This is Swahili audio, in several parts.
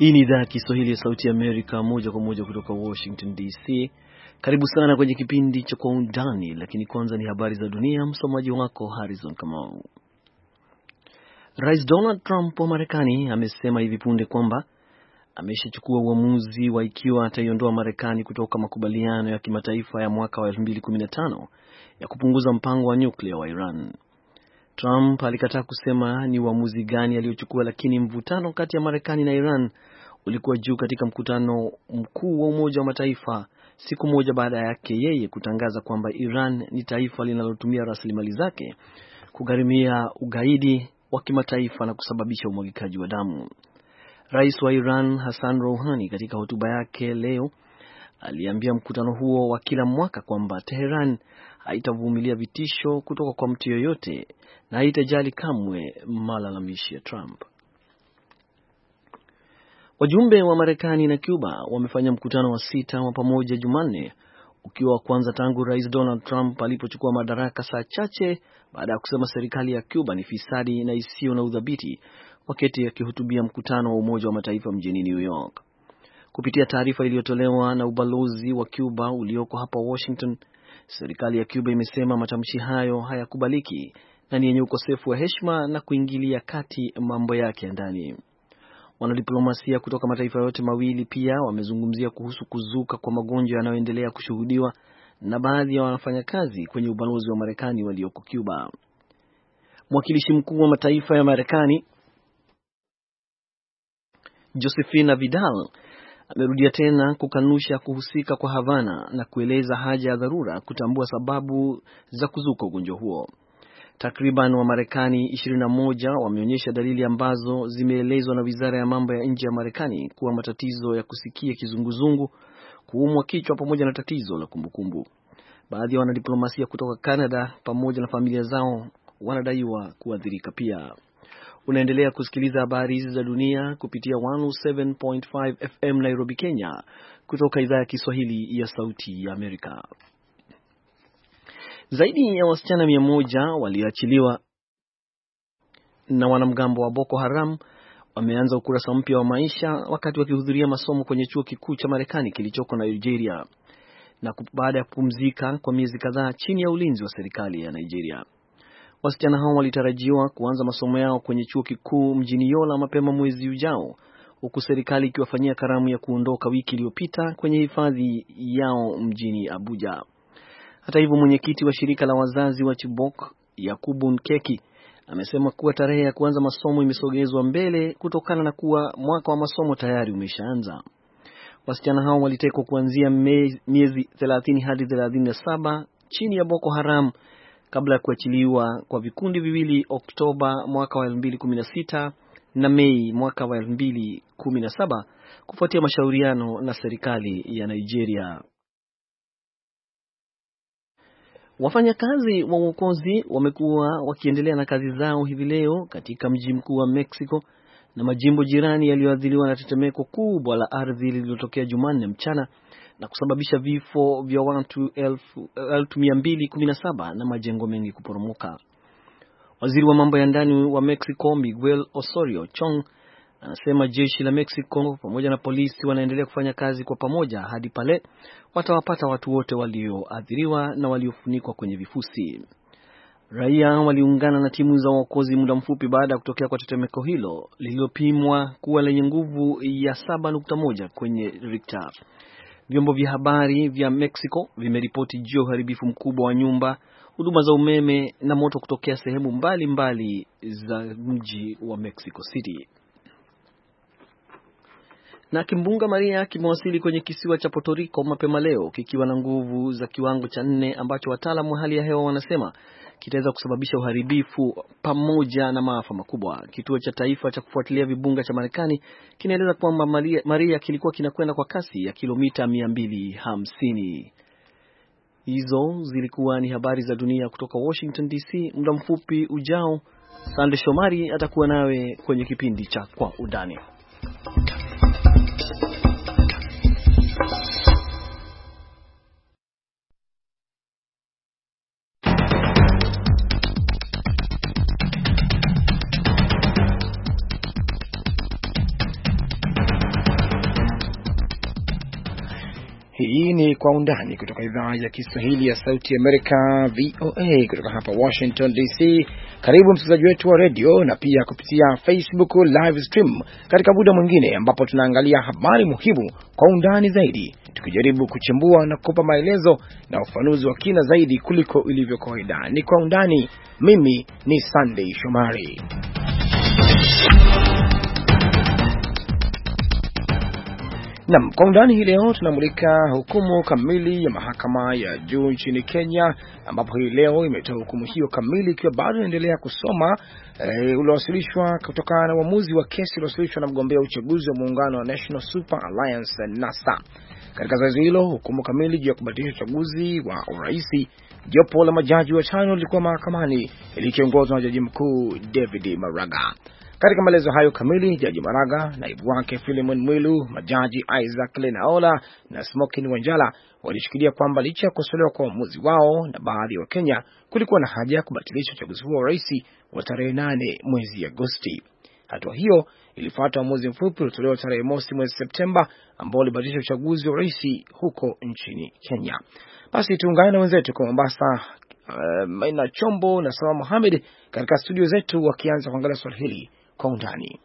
Hii ni idhaa ya Kiswahili ya Sauti ya Amerika, moja kwa moja kutoka Washington DC. Karibu sana kwenye kipindi cha Kwa Undani, lakini kwanza ni habari za dunia. Msomaji wako Harrison Kamau. Rais Donald Trump wa Marekani amesema hivi punde kwamba ameshachukua uamuzi wa ikiwa ataiondoa Marekani kutoka makubaliano ya kimataifa ya mwaka wa 2015 ya kupunguza mpango wa nyuklia wa Iran. Trump alikataa kusema ni uamuzi gani aliyochukua, lakini mvutano kati ya Marekani na Iran ulikuwa juu katika mkutano mkuu wa Umoja wa Mataifa siku moja baada yake yeye kutangaza kwamba Iran ni taifa linalotumia rasilimali zake kugharimia ugaidi wa kimataifa na kusababisha umwagikaji wa damu. Rais wa Iran Hassan Rouhani katika hotuba yake leo aliambia mkutano huo wa kila mwaka kwamba Teheran haitavumilia vitisho kutoka kwa mtu yoyote na haitajali kamwe malalamishi ya Trump. Wajumbe wa Marekani na Cuba wamefanya mkutano wa sita wa pamoja Jumanne, ukiwa wa kwanza tangu Rais Donald Trump alipochukua madaraka, saa chache baada ya kusema serikali ya Cuba ni fisadi na isiyo na udhabiti, wakati akihutubia mkutano wa Umoja wa Mataifa mjini New York. Kupitia taarifa iliyotolewa na ubalozi wa Cuba ulioko hapa Washington, serikali ya Cuba imesema matamshi hayo hayakubaliki na ni yenye ukosefu wa heshima na kuingilia kati mambo yake ya ndani. Wanadiplomasia kutoka mataifa yote mawili pia wamezungumzia kuhusu kuzuka kwa magonjwa yanayoendelea kushuhudiwa na baadhi ya wanafanyakazi kwenye ubalozi wa Marekani walioko Cuba. Mwakilishi mkuu wa mataifa ya Marekani josephina Vidal amerudia tena kukanusha kuhusika kwa Havana na kueleza haja ya dharura kutambua sababu za kuzuka ugonjwa huo. Takriban Wamarekani 21 wameonyesha dalili ambazo zimeelezwa na wizara ya mambo ya nje ya Marekani kuwa matatizo ya kusikia kizunguzungu, kuumwa kichwa pamoja na tatizo la kumbukumbu. Baadhi ya wanadiplomasia kutoka Canada pamoja na familia zao wanadaiwa kuathirika pia. Unaendelea kusikiliza habari hizi za dunia kupitia 107.5 FM Nairobi, Kenya, kutoka idhaa ya Kiswahili ya Sauti ya Amerika. Zaidi ya wasichana mia moja walioachiliwa na wanamgambo wa Boko Haram wameanza ukurasa mpya wa maisha wakati wakihudhuria masomo kwenye chuo kikuu cha Marekani kilichoko na Nigeria na baada ya kupumzika kwa miezi kadhaa chini ya ulinzi wa serikali ya Nigeria. Wasichana hao walitarajiwa kuanza masomo yao kwenye chuo kikuu mjini Yola mapema mwezi ujao, huku serikali ikiwafanyia karamu ya kuondoka wiki iliyopita kwenye hifadhi yao mjini Abuja. Hata hivyo, mwenyekiti wa shirika la wazazi wa Chibok Yakubu Nkeki amesema kuwa tarehe ya kuanza masomo imesogezwa mbele kutokana na kuwa mwaka wa masomo tayari umeshaanza. Wasichana hao walitekwa kuanzia miezi 30 hadi 37 chini ya Boko Haram kabla ya kuachiliwa kwa vikundi viwili Oktoba mwaka wa 2016 na Mei mwaka wa 2017 kufuatia mashauriano na serikali ya Nigeria. Wafanyakazi wa uokozi wamekuwa wakiendelea na kazi zao hivi leo katika mji mkuu wa Mexico na majimbo jirani yaliyoathiriwa na tetemeko kubwa la ardhi lililotokea Jumanne mchana na kusababisha vifo vya watu 217 na majengo mengi kuporomoka. Waziri wa mambo ya ndani wa Mexico Miguel Osorio Chong Anasema jeshi la Mexico pamoja na polisi wanaendelea kufanya kazi kwa pamoja hadi pale watawapata watu wote walioathiriwa na waliofunikwa kwenye vifusi. Raia waliungana na timu za uokozi muda mfupi baada ya kutokea kwa tetemeko hilo lililopimwa kuwa lenye nguvu ya 7.1 kwenye Richter. Vyombo vya habari vya Mexico vimeripoti juu ya uharibifu mkubwa wa nyumba, huduma za umeme na moto kutokea sehemu mbalimbali mbali za mji wa Mexico City. Na kimbunga Maria kimewasili kwenye kisiwa cha Puerto Rico mapema leo kikiwa na nguvu za kiwango cha nne ambacho wataalamu wa hali ya hewa wanasema kitaweza kusababisha uharibifu pamoja na maafa makubwa. Kituo cha taifa cha kufuatilia vibunga cha Marekani kinaeleza kwamba Maria, Maria kilikuwa kinakwenda kwa kasi ya kilomita 250. Hizo zilikuwa ni habari za dunia kutoka Washington DC. Muda mfupi ujao, Sande Shomari atakuwa nawe kwenye kipindi cha Kwa Undani. kwa undani kutoka idhaa ya Kiswahili ya Sauti Amerika VOA kutoka hapa Washington DC. Karibu msikilizaji wetu wa redio na pia kupitia Facebook live stream katika muda mwingine ambapo tunaangalia habari muhimu kwa undani zaidi, tukijaribu kuchimbua na kupa maelezo na ufanuzi wa kina zaidi kuliko ilivyo kawaida. Ni kwa undani. Mimi ni Sunday Shomari. Nam, kwa undani hii leo tunamulika hukumu kamili ya mahakama ya juu nchini Kenya, ambapo hii leo imetoa hukumu hiyo kamili, ikiwa bado inaendelea kusoma e, uliowasilishwa kutokana na uamuzi wa kesi uliowasilishwa na mgombea uchaguzi wa muungano wa National Super Alliance NASA. Katika zoezi hilo, hukumu kamili juu ya kubatilisha uchaguzi wa uraisi, jopo la majaji watano lilikuwa mahakamani likiongozwa na jaji mkuu David Maraga. Katika maelezo hayo kamili, Jaji Maraga, naibu wake filimon Mwilu, majaji Isaac Lenaola na Smokin Wanjala walishikilia kwamba licha ya kukosolewa kwa uamuzi wao na baadhi ya Wakenya, kulikuwa na haja ya kubatilisha uchaguzi huo wa rais wa tarehe nane mwezi Agosti. Hatua hiyo ilifuata uamuzi mfupi uliotolewa tarehe mosi mwezi Septemba ambao ulibatilisha uchaguzi wa rais huko nchini Kenya. Basi tuungane na wenzetu kwa Mombasa, uh, Maina Chombo na sama Muhamed katika studio zetu wakianza kuangalia swala hili 控制你。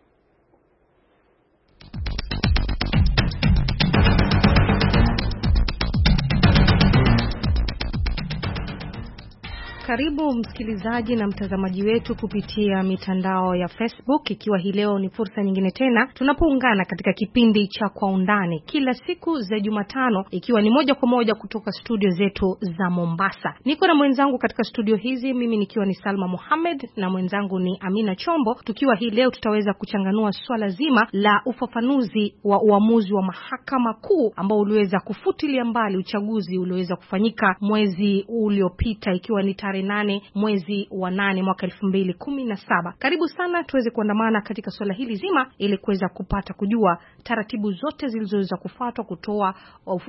Karibu msikilizaji na mtazamaji wetu kupitia mitandao ya Facebook, ikiwa hii leo ni fursa nyingine tena tunapoungana katika kipindi cha Kwa Undani kila siku za Jumatano, ikiwa ni moja kwa moja kutoka studio zetu za Mombasa. Niko na mwenzangu katika studio hizi, mimi nikiwa ni Salma Mohamed na mwenzangu ni Amina Chombo, tukiwa hii leo tutaweza kuchanganua swala zima la ufafanuzi wa uamuzi wa Mahakama Kuu ambao uliweza kufutilia mbali uchaguzi ulioweza kufanyika mwezi uliopita, ikiwa ni tarehe tarehe nane mwezi wa nane mwaka elfu mbili kumi na saba. Karibu sana tuweze kuandamana katika suala hili zima ili kuweza kupata kujua taratibu zote zilizoweza kufuatwa kutoa uh,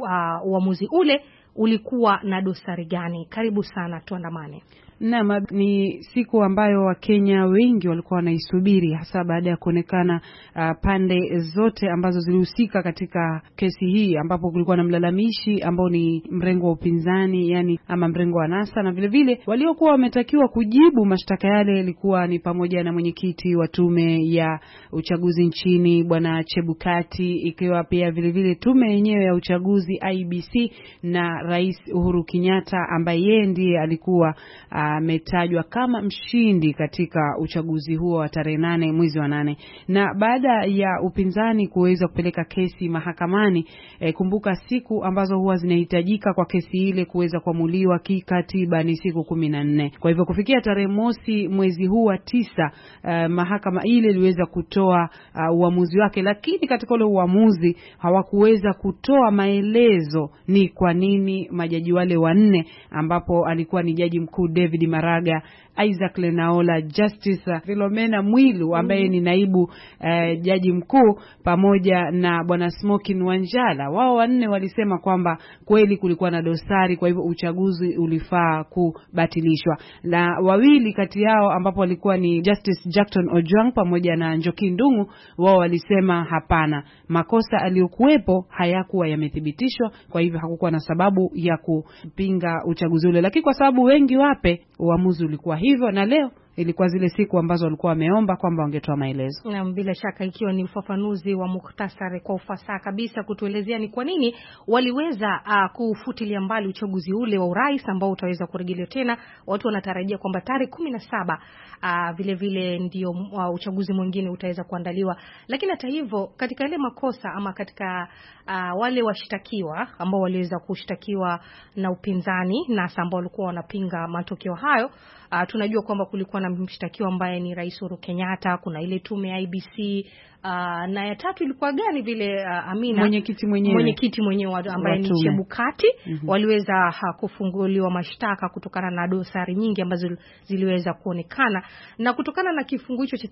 uamuzi uh, ule ulikuwa na dosari gani? Karibu sana, tuandamane. Naam, ni siku ambayo Wakenya wengi walikuwa wanaisubiri hasa baada ya kuonekana uh, pande zote ambazo zilihusika katika kesi hii, ambapo kulikuwa na mlalamishi ambao ni mrengo wa upinzani, yani ama mrengo wa NASA, na vilevile waliokuwa wametakiwa kujibu mashtaka yale ilikuwa ni pamoja na mwenyekiti wa tume ya uchaguzi nchini Bwana Chebukati, ikiwa pia vilevile tume yenyewe ya uchaguzi IBC na Rais Uhuru Kenyatta ambaye yeye ndiye alikuwa ah, ametajwa uh, kama mshindi katika uchaguzi huo wa tarehe nane mwezi wa nane, na baada ya upinzani kuweza kupeleka kesi mahakamani eh, kumbuka siku ambazo huwa zinahitajika kwa kesi ile kuweza kuamuliwa kikatiba ni siku kumi na nne. Kwa hivyo kufikia tarehe mosi mwezi huu wa tisa, eh, mahakama ile iliweza kutoa uh, uamuzi wake, lakini katika ule uamuzi hawakuweza kutoa maelezo ni kwa nini majaji wale wanne, ambapo alikuwa ni jaji mkuu David Maraga, Isaac Lenaola, Justice Philomena Mwilu ambaye mhm. ni naibu eh, jaji mkuu pamoja na bwana Smokin Wanjala. Wao wanne walisema kwamba kweli kulikuwa na dosari, kwa hivyo uchaguzi ulifaa kubatilishwa, na wawili kati yao ambapo walikuwa ni Justice Jackton Ojwang pamoja na Njoki Ndungu, wao walisema hapana, makosa aliyokuwepo hayakuwa yamethibitishwa, kwa hivyo hakukuwa na sababu sababu ya kupinga uchaguzi ule, lakini kwa sababu wengi wape uamuzi ulikuwa hivyo, na leo ilikuwa zile siku ambazo walikuwa wameomba kwamba wangetoa maelezo. Naam, bila shaka ikiwa ni ufafanuzi wa muhtasari kwa ufasaha kabisa kutuelezea ni kwa nini waliweza uh, kufutilia mbali uchaguzi ule wa urais ambao utaweza kurejelewa tena. Watu wanatarajia kwamba tarehe kumi na saba uh, vile vile ndio uh, uchaguzi mwingine utaweza kuandaliwa, lakini hata hivyo katika yale makosa ama katika uh, wale washtakiwa ambao waliweza kushtakiwa na upinzani na ambao walikuwa wanapinga matokeo hayo Uh, tunajua kwamba kulikuwa na mshtakiwa ambaye ni Rais Uhuru Kenyatta, kuna ile tume ya IBC Uh, na ya tatu ilikuwa gani vile uh, Amina mwenyekiti mwenyewe mwenyekiti mwenyewe ambaye ni Chebukati mm -hmm. waliweza ah, kufunguliwa mashtaka kutokana na dosari nyingi ambazo ziliweza kuonekana, na kutokana na kifungu hicho cha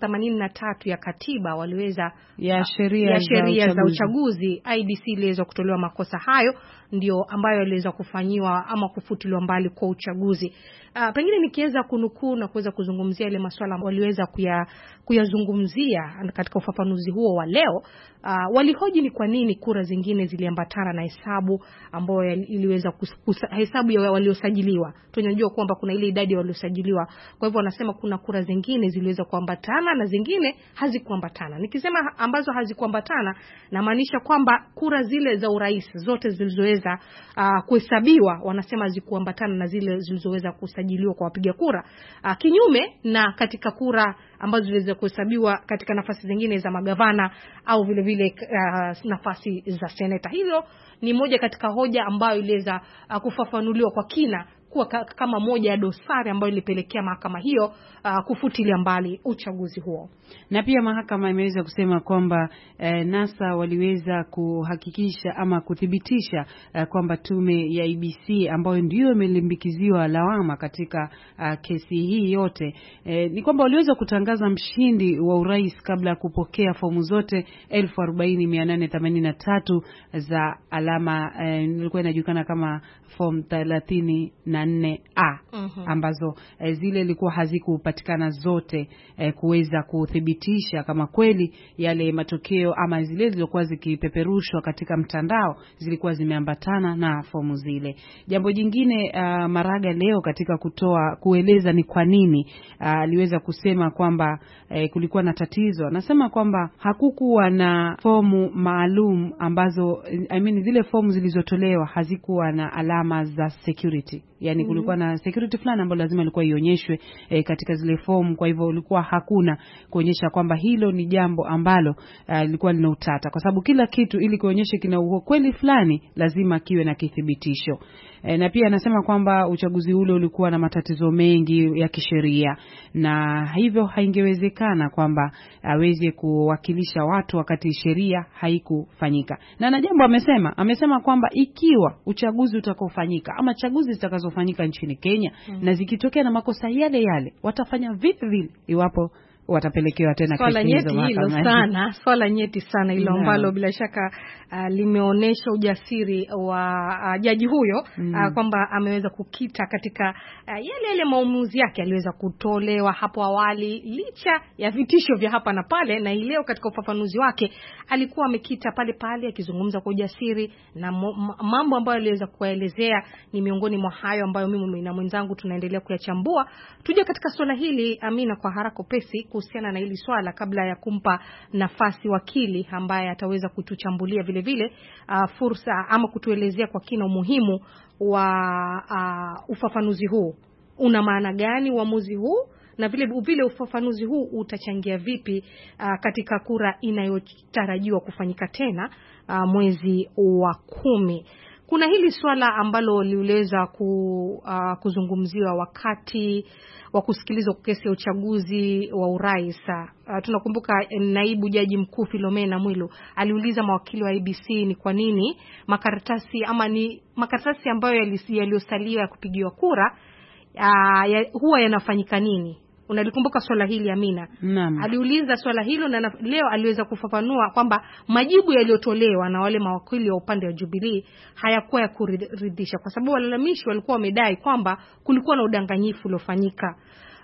tatu ya katiba waliweza ya sheria za, za uchaguzi IDC iliweza kutolewa makosa hayo ndio ambayo yaliweza kufanyiwa ama kufutiliwa mbali kwa uchaguzi. Uh, pengine nikiweza kunukuu na kuweza kuzungumzia ile masuala waliweza kuyazungumzia kuya katika ufafanuzi uchaguzi huo wa leo uh, walihoji ni kwa nini kura zingine ziliambatana na hesabu ambayo iliweza hesabu ya waliosajiliwa. Tunajua kwamba kuna ile idadi ya waliosajiliwa, kwa hivyo wanasema kuna kura zingine ziliweza kuambatana na zingine hazikuambatana. Nikisema ambazo hazikuambatana, namaanisha kwamba kura zile za urais zote zilizoweza uh, kuhesabiwa, wanasema hazikuambatana na zile zilizoweza kusajiliwa kwa wapiga kura uh, kinyume na katika kura ambazo ziliweza kuhesabiwa katika nafasi zingine za magavana au vile vile uh, nafasi za seneta. Hilo ni moja katika hoja ambayo iliweza uh, kufafanuliwa kwa kina imekuwa kama moja ya dosari ambayo ilipelekea mahakama hiyo uh, kufutilia mbali uchaguzi huo. Na pia mahakama imeweza kusema kwamba eh, NASA waliweza kuhakikisha ama kuthibitisha eh, kwamba tume ya IBC e ambayo ndiyo imelimbikiziwa lawama katika uh, kesi hii yote eh, ni kwamba waliweza kutangaza mshindi wa urais kabla ya kupokea fomu zote 40883 za alama eh, ilikuwa inajulikana kama form 30 na nne a mhm. ambazo e, zile ilikuwa hazikupatikana zote e, kuweza kuthibitisha kama kweli yale matokeo ama zile zilizokuwa zikipeperushwa katika mtandao zilikuwa zimeambatana na fomu zile. Jambo jingine uh, Maraga leo katika kutoa kueleza ni kwa nini ah, aliweza kusema kwamba e, kulikuwa na tatizo, anasema kwamba hakukuwa na fomu maalum ambazo I mean, zile fomu zilizotolewa hazikuwa na alama za security yani mm -hmm. kulikuwa na security fulani ambayo lazima ilikuwa ionyeshwe e, katika zile fomu. Kwa hivyo ulikuwa hakuna kuonyesha kwamba hilo ni jambo ambalo eh, lilikuwa uh, lina utata, kwa sababu kila kitu ili kuonyesha kina ukweli fulani lazima kiwe na kithibitisho e, na pia anasema kwamba uchaguzi ule ulikuwa na matatizo mengi ya kisheria na hivyo haingewezekana kwamba aweze kuwakilisha watu wakati sheria haikufanyika. Na na jambo amesema, amesema kwamba ikiwa uchaguzi utakaofanyika ama chaguzi zitakazofanyika nchini Kenya mm -hmm. na zikitokea na makosa yale yale watafanya vipi vile iwapo watapelekewa tena swala nyeti hilo sana, swala nyeti sana hilo ambalo bila shaka uh, limeonyesha ujasiri wa uh, jaji huyo uh, mm, uh, kwamba ameweza kukita katika uh, yale yale maumuzi yake aliweza kutolewa hapo awali licha ya vitisho vya hapa na pale, na hii leo katika ufafanuzi wake alikuwa amekita pale pale akizungumza kwa ujasiri, na mambo ambayo aliweza kuwaelezea ni miongoni mwa hayo ambayo mimi na mwenzangu tunaendelea kuyachambua. Tuje katika swala hili Amina, kwa haraka upesi kuhusiana na hili swala kabla ya kumpa nafasi wakili ambaye ataweza kutuchambulia vile vile uh, fursa ama kutuelezea kwa kina umuhimu wa uh, ufafanuzi huu una maana gani uamuzi huu na vile vile ufafanuzi huu utachangia vipi uh, katika kura inayotarajiwa kufanyika tena uh, mwezi wa kumi kuna hili swala ambalo liliweza ku, uh, kuzungumziwa wakati wa kusikilizwa kwa kesi ya uchaguzi wa urais. Uh, tunakumbuka eh, naibu jaji mkuu Filomena Mwilu aliuliza mawakili wa ABC ni kwa nini makaratasi ama ni makaratasi ambayo yaliyosaliwa ya kupigiwa kura uh, ya, huwa yanafanyika nini Unalikumbuka swala hili Amina? Naam. Aliuliza swala hilo na leo aliweza kufafanua kwamba majibu yaliyotolewa na wale mawakili wa upande wa Jubilee hayakuwa ya kuridhisha, kwa sababu walalamishi walikuwa wamedai kwamba kulikuwa na udanganyifu uliofanyika.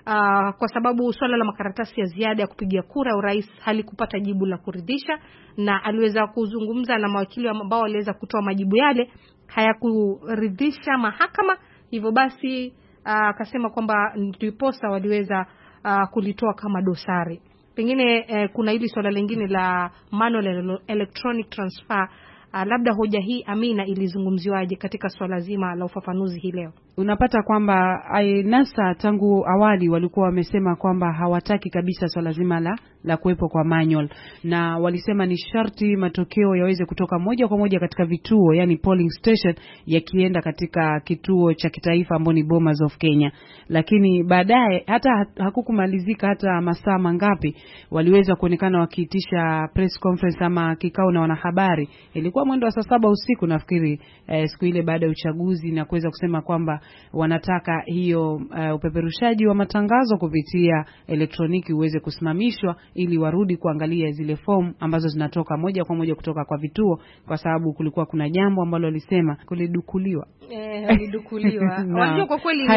Uh, kwa sababu swala la makaratasi ya ziada ya kupigia kura urais halikupata jibu la kuridhisha, na aliweza kuzungumza na mawakili ambao waliweza kutoa majibu yale hayakuridhisha mahakama. Hivyo basi Ah, akasema kwamba ndiposa waliweza uh, kulitoa kama dosari. Pengine eh, kuna hili suala lingine la manual electronic transfer. Ah, labda hoja hii Amina ilizungumziwaje katika suala zima la ufafanuzi hii leo? unapata kwamba NASA tangu awali walikuwa wamesema kwamba hawataki kabisa swala zima la, la kuwepo kwa manual, na walisema ni sharti matokeo yaweze kutoka moja kwa moja katika vituo, yani polling station, yakienda katika kituo cha kitaifa ambao ni Bomas of Kenya. Lakini baadaye hata hakukumalizika hata masaa mangapi, waliweza kuonekana wakiitisha press conference ama kikao na wanahabari, ilikuwa mwendo wa saa saba usiku nafikiri, eh, siku ile baada ya uchaguzi na kuweza kusema kwamba wanataka hiyo uh, upeperushaji wa matangazo kupitia elektroniki uweze kusimamishwa ili warudi kuangalia zile fomu ambazo zinatoka moja kwa moja kutoka kwa vituo, kwa sababu kulikuwa kuna jambo ambalo walisema kulidukuliwa. Eh, walidukuliwa kwa kweli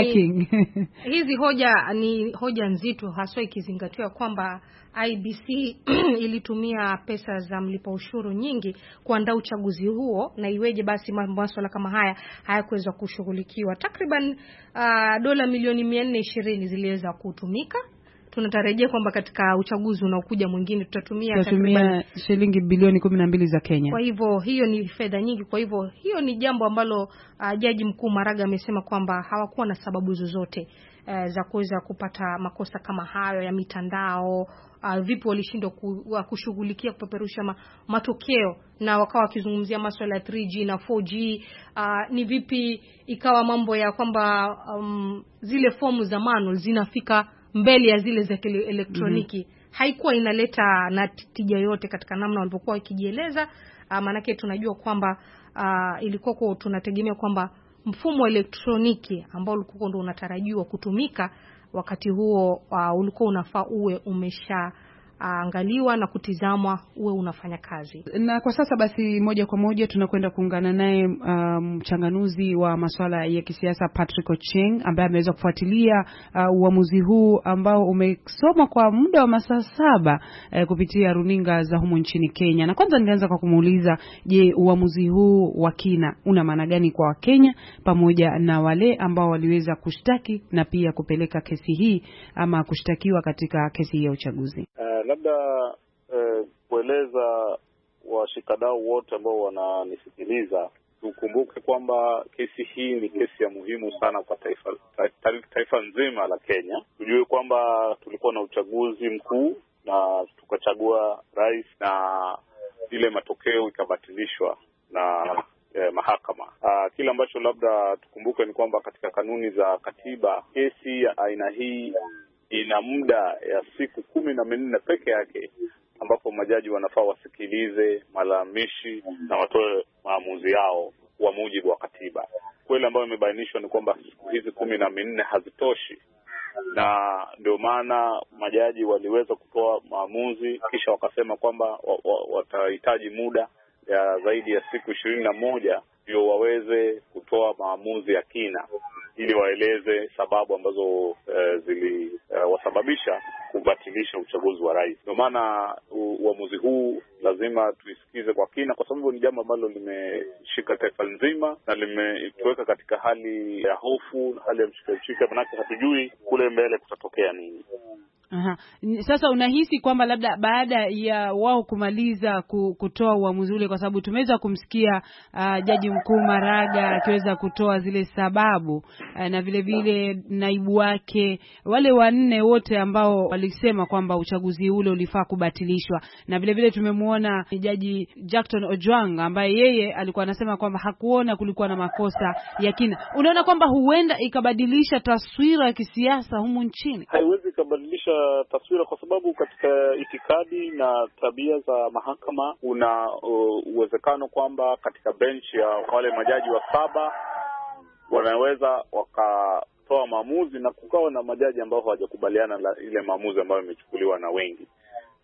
hizi hoja ni hoja nzito haswa ikizingatiwa kwamba IBC ilitumia pesa za mlipa ushuru nyingi kuandaa uchaguzi huo, na iweje basi maswala kama haya hayakuweza kushughulikiwa? Takriban uh, dola milioni 420 ziliweza kutumika. Tunatarajia kwamba katika uchaguzi unaokuja mwingine tutatumia takriban shilingi bilioni kumi na mbili za Kenya. Kwa hivyo hiyo ni fedha nyingi. Kwa hivyo hiyo ni jambo ambalo uh, Jaji Mkuu Maraga amesema kwamba hawakuwa na sababu zozote uh, za kuweza kupata makosa kama hayo ya mitandao uh, vipi walishindwa kushughulikia kupeperusha ma, matokeo na wakawa wakizungumzia masuala ya 3G na 4G. Uh, ni vipi ikawa mambo ya kwamba um, zile fomu za manual zinafika mbele ya zile za elektroniki mm -hmm. Haikuwa inaleta na tija yote katika namna walipokuwa wakijieleza. Uh, maanake tunajua kwamba uh, ilikuwa kwa tunategemea kwamba mfumo wa elektroniki ambao ulikuwa ndio unatarajiwa kutumika wakati huo uh, ulikuwa unafaa uwe umesha aangaliwa na kutizamwa uwe unafanya kazi. Na kwa sasa basi, moja kwa moja tunakwenda kuungana naye um, mchanganuzi um, wa masuala ya kisiasa Patrick Ocheng ambaye ameweza kufuatilia uh, uamuzi huu ambao umesoma kwa muda wa masaa saba uh, kupitia runinga za humu nchini Kenya. Na kwanza nilianza kwa kumuuliza, je, uamuzi huu wa kina una maana gani kwa Wakenya pamoja na wale ambao waliweza kushtaki na pia kupeleka kesi hii ama kushtakiwa katika kesi hii ya uchaguzi? Uh, labda eh, kueleza washikadau wote ambao wananisikiliza, tukumbuke kwamba kesi hii ni kesi ya muhimu sana kwa taifa, ta, taifa nzima la Kenya. Tujue kwamba tulikuwa na uchaguzi mkuu na tukachagua rais na ile matokeo ikabatilishwa na eh, mahakama. Ah, kile ambacho labda tukumbuke ni kwamba katika kanuni za katiba kesi ya aina hii ina muda ya siku kumi na minne peke yake ambapo majaji wanafaa wasikilize malalamishi na watoe maamuzi yao kwa mujibu wa katiba. Kweli ambayo imebainishwa ni kwamba siku hizi kumi na minne hazitoshi, na ndio maana majaji waliweza kutoa maamuzi, kisha wakasema kwamba wa, wa, watahitaji muda ya zaidi ya siku ishirini na moja ndio waweze kutoa maamuzi ya kina ili waeleze sababu ambazo uh, eh, ziliwasababisha eh, uh, kubatilisha uchaguzi wa rais. Ndio maana uamuzi huu lazima tuisikize kwa kina, kwa sababu ni jambo ambalo limeshika taifa nzima na limetuweka katika hali ya hofu na hali ya mshika mshika, manake hatujui kule mbele kutatokea nini. Aha. Sasa unahisi kwamba labda baada ya wao kumaliza kutoa uamuzi ule, kwa sababu tumeweza kumsikia uh, Jaji Mkuu Maraga akiweza kutoa zile sababu uh, na vile vile naibu wake wale wanne wote ambao walisema kwamba uchaguzi ule ulifaa kubatilishwa, na vile vile tumemwona Jaji Jackton Ojwang ambaye yeye alikuwa anasema kwamba hakuona kulikuwa na makosa ya kina. Unaona kwamba huenda ikabadilisha taswira ya kisiasa humu nchini? Haiwezi ikabadilisha taswira, kwa sababu katika itikadi na tabia za mahakama una uh, uwezekano kwamba katika benchi ya wale majaji wa saba wanaweza wakatoa maamuzi na kukawa na majaji ambao hawajakubaliana na ile maamuzi ambayo imechukuliwa na wengi.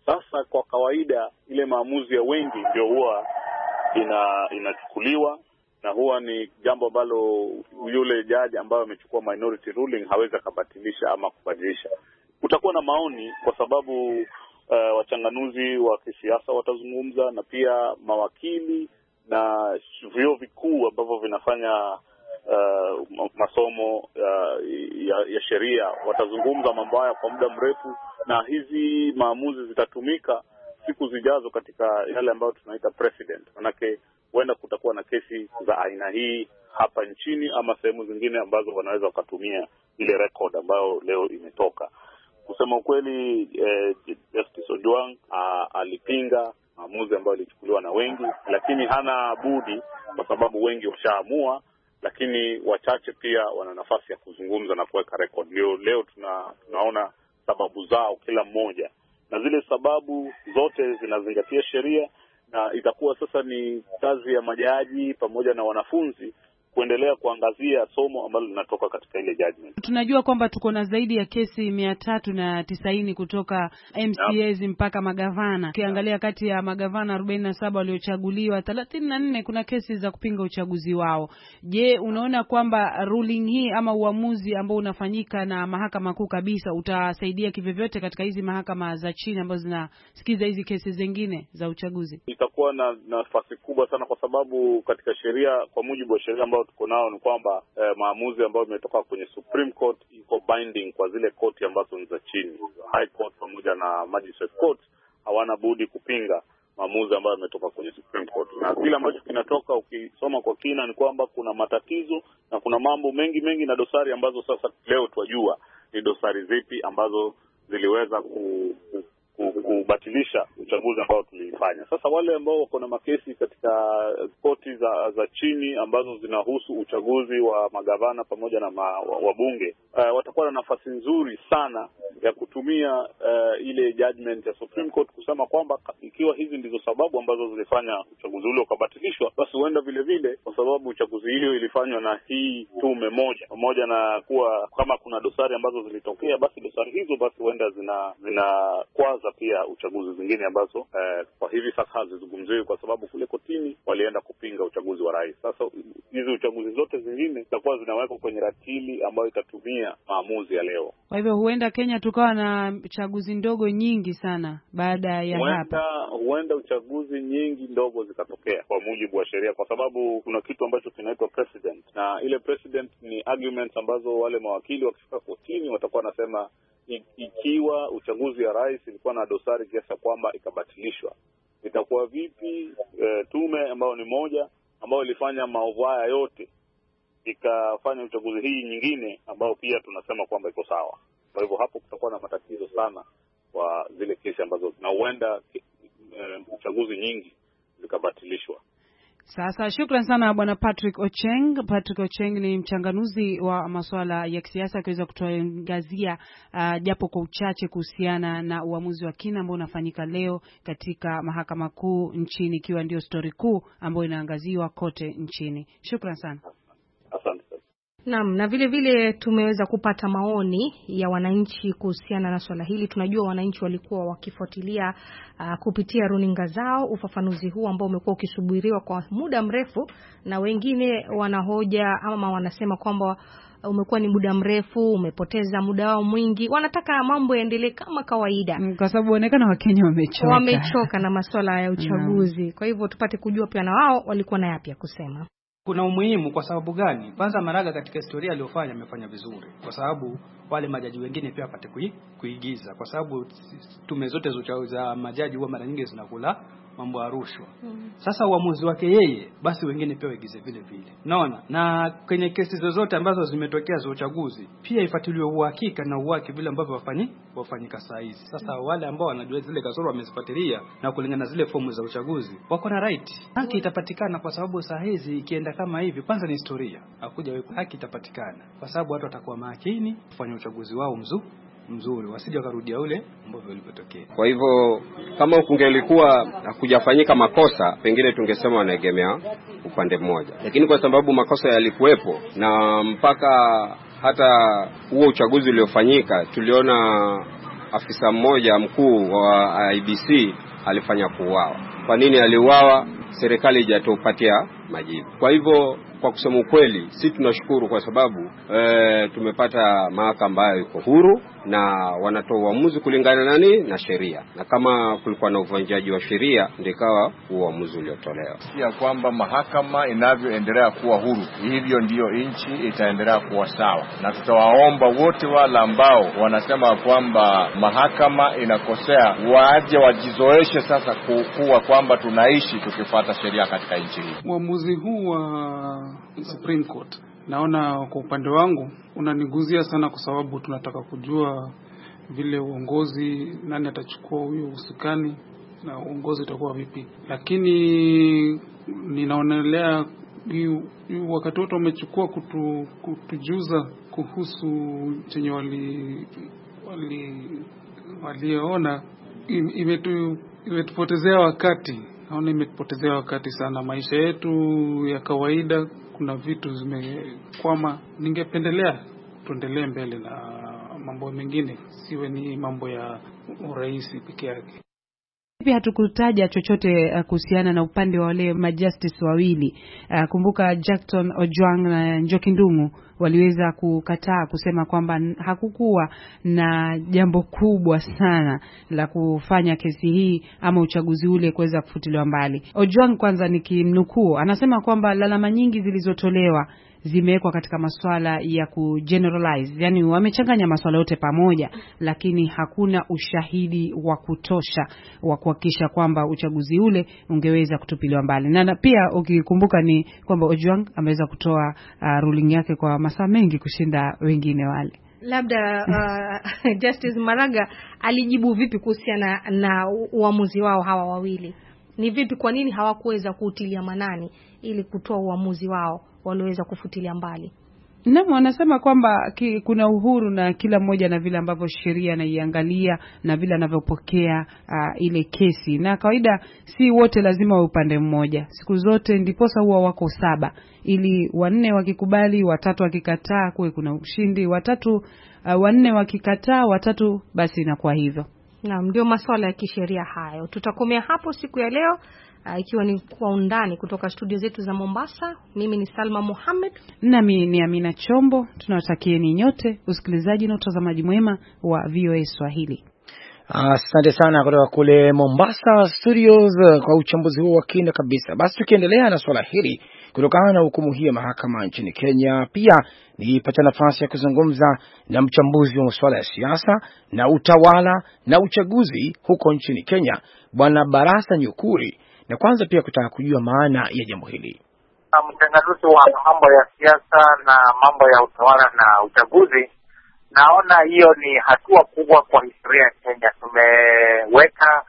Sasa kwa kawaida ile maamuzi ya wengi ndio huwa ina, inachukuliwa na huwa ni jambo ambalo yule jaji ambayo amechukua minority ruling hawezi akabatilisha ama kubadilisha kutakuwa na maoni kwa sababu uh, wachanganuzi wa kisiasa watazungumza na pia mawakili na vyuo vikuu ambavyo vinafanya uh, masomo uh, ya, ya sheria watazungumza mambo haya kwa muda mrefu, na hizi maamuzi zitatumika siku zijazo katika yale ambayo tunaita precedent, manake huenda kutakuwa na kesi za aina hii hapa nchini ama sehemu zingine ambazo wanaweza wakatumia ile record ambayo leo imetoka. Kusema ukweli, eh, Justice Ojwang ah, alipinga maamuzi ambayo ilichukuliwa na wengi, lakini hana budi kwa sababu wengi washaamua, lakini wachache pia wana nafasi ya kuzungumza na kuweka rekodi. Leo leo tuna, tunaona sababu zao kila mmoja, na zile sababu zote zinazingatia sheria, na itakuwa sasa ni kazi ya majaji pamoja na wanafunzi kuendelea kuangazia somo ambalo linatoka katika ile judgment. Tunajua kwamba tuko na zaidi ya kesi mia tatu na tisaini kutoka MCAs mpaka magavana. Ukiangalia kati ya magavana arobaini na saba waliochaguliwa thelathini na nne kuna kesi za kupinga uchaguzi wao. Je, unaona kwamba ruling hii ama uamuzi ambao unafanyika na mahakama kuu kabisa utasaidia kivyovyote katika hizi mahakama za chini ambazo zinasikiza hizi kesi zingine za uchaguzi? Itakuwa na nafasi kubwa sana, kwa sababu katika sheria, kwa mujibu wa sheria ambayo ambao tuko nao ni kwamba eh, maamuzi ambayo imetoka kwenye Supreme Court iko binding kwa zile koti ambazo ni za chini, High Court pamoja na Magistrate Court hawana budi kupinga maamuzi ambayo yametoka kwenye Supreme Court, na kile ambacho kinatoka ukisoma kwa kina ni kwamba kuna matatizo na kuna mambo mengi mengi na dosari ambazo sasa leo twajua ni dosari zipi ambazo ziliweza ku, ku, kubatilisha uchaguzi ambao tuliifanya. Sasa wale ambao wako na makesi katika koti za za chini ambazo zinahusu uchaguzi wa magavana pamoja na ma, wabunge uh, eh, watakuwa na nafasi nzuri sana ya kutumia uh, ile judgment ya Supreme Court kusema kwamba ikiwa hizi ndizo sababu ambazo zilifanya uchaguzi ule ukabatilishwa, basi huenda vile vile, kwa sababu uchaguzi hiyo ilifanywa na hii tume moja, pamoja na kuwa kama kuna dosari ambazo zilitokea, basi dosari hizo basi huenda zinakwaza zina hata pia uchaguzi zingine ambazo eh, kwa hivi sasa hazizungumziwi kwa sababu kule kotini walienda kupinga uchaguzi wa rais. Sasa hizi uchaguzi zote zingine zitakuwa zinawekwa kwenye ratili ambayo itatumia maamuzi ya leo. Kwa hivyo huenda Kenya tukawa na chaguzi ndogo nyingi sana baada ya huenda, hapa huenda uchaguzi nyingi ndogo zikatokea kwa mujibu wa sheria, kwa sababu kuna kitu ambacho kinaitwa president na ile president ni arguments ambazo wale mawakili wakifika kotini watakuwa wanasema ikiwa uchaguzi ya rais ilikuwa na dosari kiasi kwamba ikabatilishwa, itakuwa vipi e, tume ambayo ni moja ambayo ilifanya maovu haya yote ikafanya uchaguzi hii nyingine ambayo pia tunasema kwamba iko sawa? Kwa hivyo hapo kutakuwa na matatizo sana kwa zile kesi ambazo na huenda e, uchaguzi nyingi zikabatilishwa. Sasa shukran sana bwana Patrick Ocheng. Patrick Ocheng ni mchanganuzi wa masuala ya kisiasa, akiweza kutuangazia uh, japo kwa uchache kuhusiana na uamuzi wa kina ambao unafanyika leo katika mahakama kuu nchini, ikiwa ndio stori kuu ambayo inaangaziwa kote nchini. Shukran sana. Naam, na vile vile tumeweza kupata maoni ya wananchi kuhusiana na swala hili. Tunajua wananchi walikuwa wakifuatilia uh, kupitia runinga zao ufafanuzi huu ambao umekuwa ukisubiriwa kwa muda mrefu, na wengine wanahoja ama wanasema kwamba umekuwa ni muda mrefu, umepoteza muda wao mwingi, wanataka mambo yaendelee kama kawaida, mm, kwa sababu waonekana Wakenya wamechoka, wamechoka na masuala ya uchaguzi no. Kwa hivyo tupate kujua pia na wao walikuwa na yapi ya kusema kuna umuhimu kwa sababu gani? Kwanza, Maraga katika historia aliyofanya amefanya vizuri, kwa sababu wale majaji wengine pia wapate kui, kuigiza, kwa sababu tume zote za majaji huwa mara nyingi zinakula mambo ya rushwa mm. Sasa uamuzi wake yeye, basi wengine pia waigize vile vile, naona na kwenye kesi zozote ambazo zimetokea za uchaguzi pia ifuatiliwe uhakika na uwaki vile ambavyo wafanyi wafanyika saa hizi sasa mm. Wale ambao wanajua zile kasoro wamezifuatilia na kulingana zile fomu za uchaguzi wako na right, haki itapatikana, kwa sababu saa hizi ikienda kama hivi, kwanza ni historia akuja, haki itapatikana kwa sababu watu watakuwa makini kufanya uchaguzi wao mzuri mzuri, wasije wakarudia ule ambavyo ulivyotokea. Kwa hivyo kama kungelikuwa hakujafanyika makosa, pengine tungesema wanaegemea upande mmoja, lakini kwa sababu makosa yalikuwepo na mpaka hata huo uchaguzi uliofanyika, tuliona afisa mmoja mkuu wa IBC alifanya kuuawa. Kwa nini aliuawa? Serikali haijatupatia majibu. Kwa hivyo, kwa kusema ukweli, si tunashukuru kwa sababu e, tumepata mahakama ambayo iko huru na wanatoa uamuzi kulingana nani na sheria, na kama kulikuwa na uvunjaji wa sheria ndikawa uamuzi uliotolewa. Sikia kwamba mahakama inavyoendelea kuwa huru, hivyo ndiyo nchi itaendelea kuwa sawa, na tutawaomba wote wale ambao wanasema kwamba mahakama inakosea waje wajizoeshe sasa kuwa kwamba tunaishi tukifuata sheria katika nchi hii. Uamuzi huu wa Supreme Court naona kwa upande wangu unaniguzia sana, kwa sababu tunataka kujua vile uongozi, nani atachukua huyo usukani na uongozi utakuwa vipi, lakini ninaonelea wakati wote wamechukua kutu, kutujuza kuhusu chenye wali wali waliona imetu, imetupotezea wakati naona imepotezea wakati sana. Maisha yetu ya kawaida, kuna vitu zimekwama. Ningependelea tuendelee mbele na mambo mengine, siwe ni mambo ya urahisi peke yake. Pia hatukutaja chochote uh, kuhusiana na upande wa wale majustice wawili. Uh, kumbuka Jackton Ojwang na Njoki Ndung'u waliweza kukataa kusema kwamba hakukuwa na jambo kubwa sana la kufanya kesi hii ama uchaguzi ule kuweza kufutiliwa mbali. Ojwang' kwanza nikimnukuu, anasema kwamba lalama nyingi zilizotolewa zimewekwa katika masuala ya generalize, yani wamechanganya masuala yote pamoja, lakini hakuna ushahidi wa kutosha wa kuhakikisha kwamba uchaguzi ule ungeweza kutupiliwa mbali. Na pia ukikumbuka ni kwamba Ojwang ameweza kutoa uh, ruling yake kwa masaa mengi kushinda wengine wale. Labda uh, Justice Maraga alijibu vipi kuhusiana na uamuzi wao hawa wawili? Ni vipi, kwa nini hawakuweza kuutilia manani ili kutoa uamuzi wao? walioweza kufutilia mbali. Naam, wanasema kwamba ki, kuna uhuru na kila mmoja na vile ambavyo sheria anaiangalia na vile anavyopokea uh, ile kesi, na kawaida si wote lazima wa upande mmoja siku zote, ndiposa huwa wako saba, ili wanne wakikubali, watatu wakikataa, kuwe kuna ushindi. Watatu uh, wanne wakikataa, watatu, basi inakuwa hivyo. Naam, ndio masuala ya kisheria hayo. Tutakomea hapo siku ya leo. Uh, ikiwa ni kwa undani kutoka studio zetu za Mombasa, mimi ni Salma Mohamed nami ni Amina Chombo. Tunawatakieni nyote usikilizaji na utazamaji mwema wa VOA Swahili. Asante uh, sana kutoka kule Mombasa studios eh, kwa uchambuzi huo wa kina kabisa. Basi tukiendelea na swala hili, kutokana na hukumu hii ya mahakama nchini Kenya, pia nilipata nafasi ya kuzungumza na mchambuzi wa masuala ya siasa na utawala na uchaguzi huko nchini Kenya, Bwana Barasa Nyukuri na kwanza pia kutaka kujua maana ya jambo hili. Mchanganuzi wa mambo ya siasa na mambo ya utawala na uchaguzi, naona hiyo ni hatua kubwa kwa historia ya Kenya. Tumeweka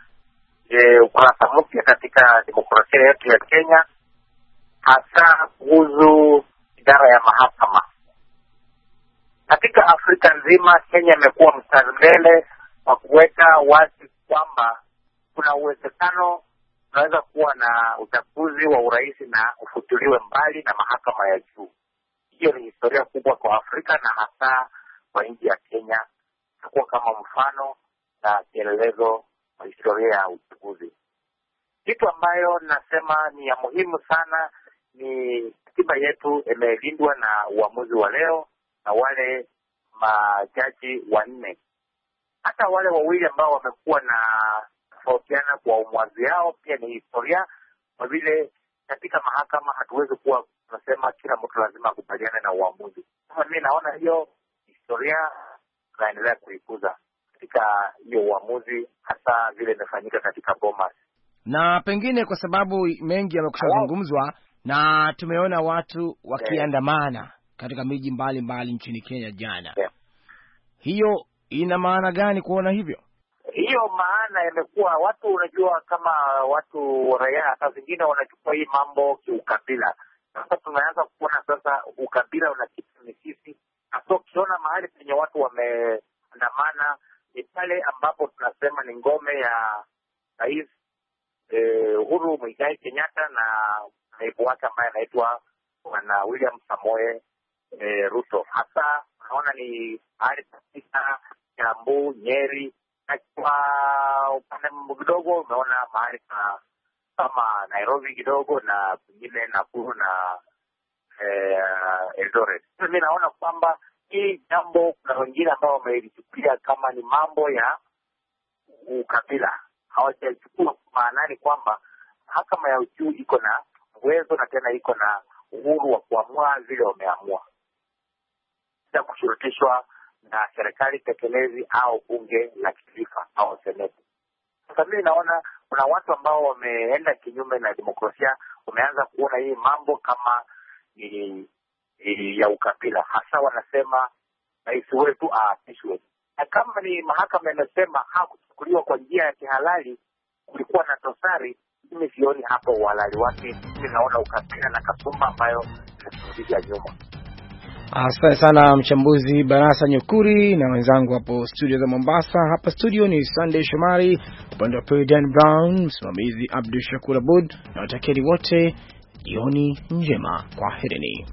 e, ukurasa mpya katika demokrasia yetu ya Kenya, hasa kuhusu idara ya mahakama katika Afrika nzima. Kenya imekuwa mstari mbele kwa kuweka wazi kwamba kuna uwezekano tunaweza kuwa na uchaguzi wa urais na ufutuliwe mbali na mahakama ya juu. Hiyo ni historia kubwa kwa Afrika na hasa kwa nchi ya Kenya, itakuwa kama mfano na kielelezo kwa historia ya uchaguzi. Kitu ambayo nasema ni ya muhimu sana ni katiba yetu imelindwa na uamuzi wa leo na wale majaji wanne, hata wale wawili ambao wamekuwa na kutofautiana kwa umwazi yao, pia ni historia, kwa vile katika mahakama hatuwezi kuwa tunasema kila mtu lazima akubaliane na uamuzi. Sasa mi naona hiyo historia tunaendelea kuikuza katika hiyo uamuzi, hasa vile imefanyika katika Bomas na pengine kwa sababu mengi yamekusha zungumzwa na tumeona watu wakiandamana katika miji mbalimbali nchini Kenya jana Hiyo ina maana gani kuona hivyo? hiyo maana yamekuwa watu, unajua kama watu raia saa zingine wanachukua hii mambo kiukabila. Sasa tumeanza kuona sasa ukabila unakita mizizi, hasa ukiona mahali penye watu wameandamana ni pale ambapo tunasema ni ngome ya rais eh, Uhuru Muigai Kenyatta na naibu wake ambaye anaitwa Bwana William Samoe e, eh, Ruto. Hasa unaona ni mahali kabisa Kiambu, Nyeri na kwa upande kidogo umeona mahali pa kama Nairobi kidogo na pengine Nakuru na eh, Eldoret. Mi naona kwamba hii jambo, kuna wengine ambao wamelichukulia kama ni mambo ya ukabila, hawajachukua maanani kwamba mahakama ya juu iko na uwezo na tena iko na uhuru wa kuamua vile wameamua bila kushurutishwa na serikali tekelezi au bunge la kitaifa au seneti. Sasa mimi naona kuna watu ambao wameenda kinyume na demokrasia, wameanza kuona hii mambo kama ni ya ukabila, hasa wanasema rais wetu aapishwe, na kama ni mahakama imesema hakuchukuliwa kwa njia ya kihalali, kulikuwa na dosari. Mimi sioni hapo uhalali wake. Mimi naona ukabila na kasumba ambayo inasuguzia nyuma. Asante sana mchambuzi Barasa Nyukuri na wenzangu hapo studio za Mombasa. Hapa studio ni Sunday Shomari, upande wa pili Dan Brown, msimamizi Abdu Shakur Abud na watakieni wote jioni njema, kwaherini.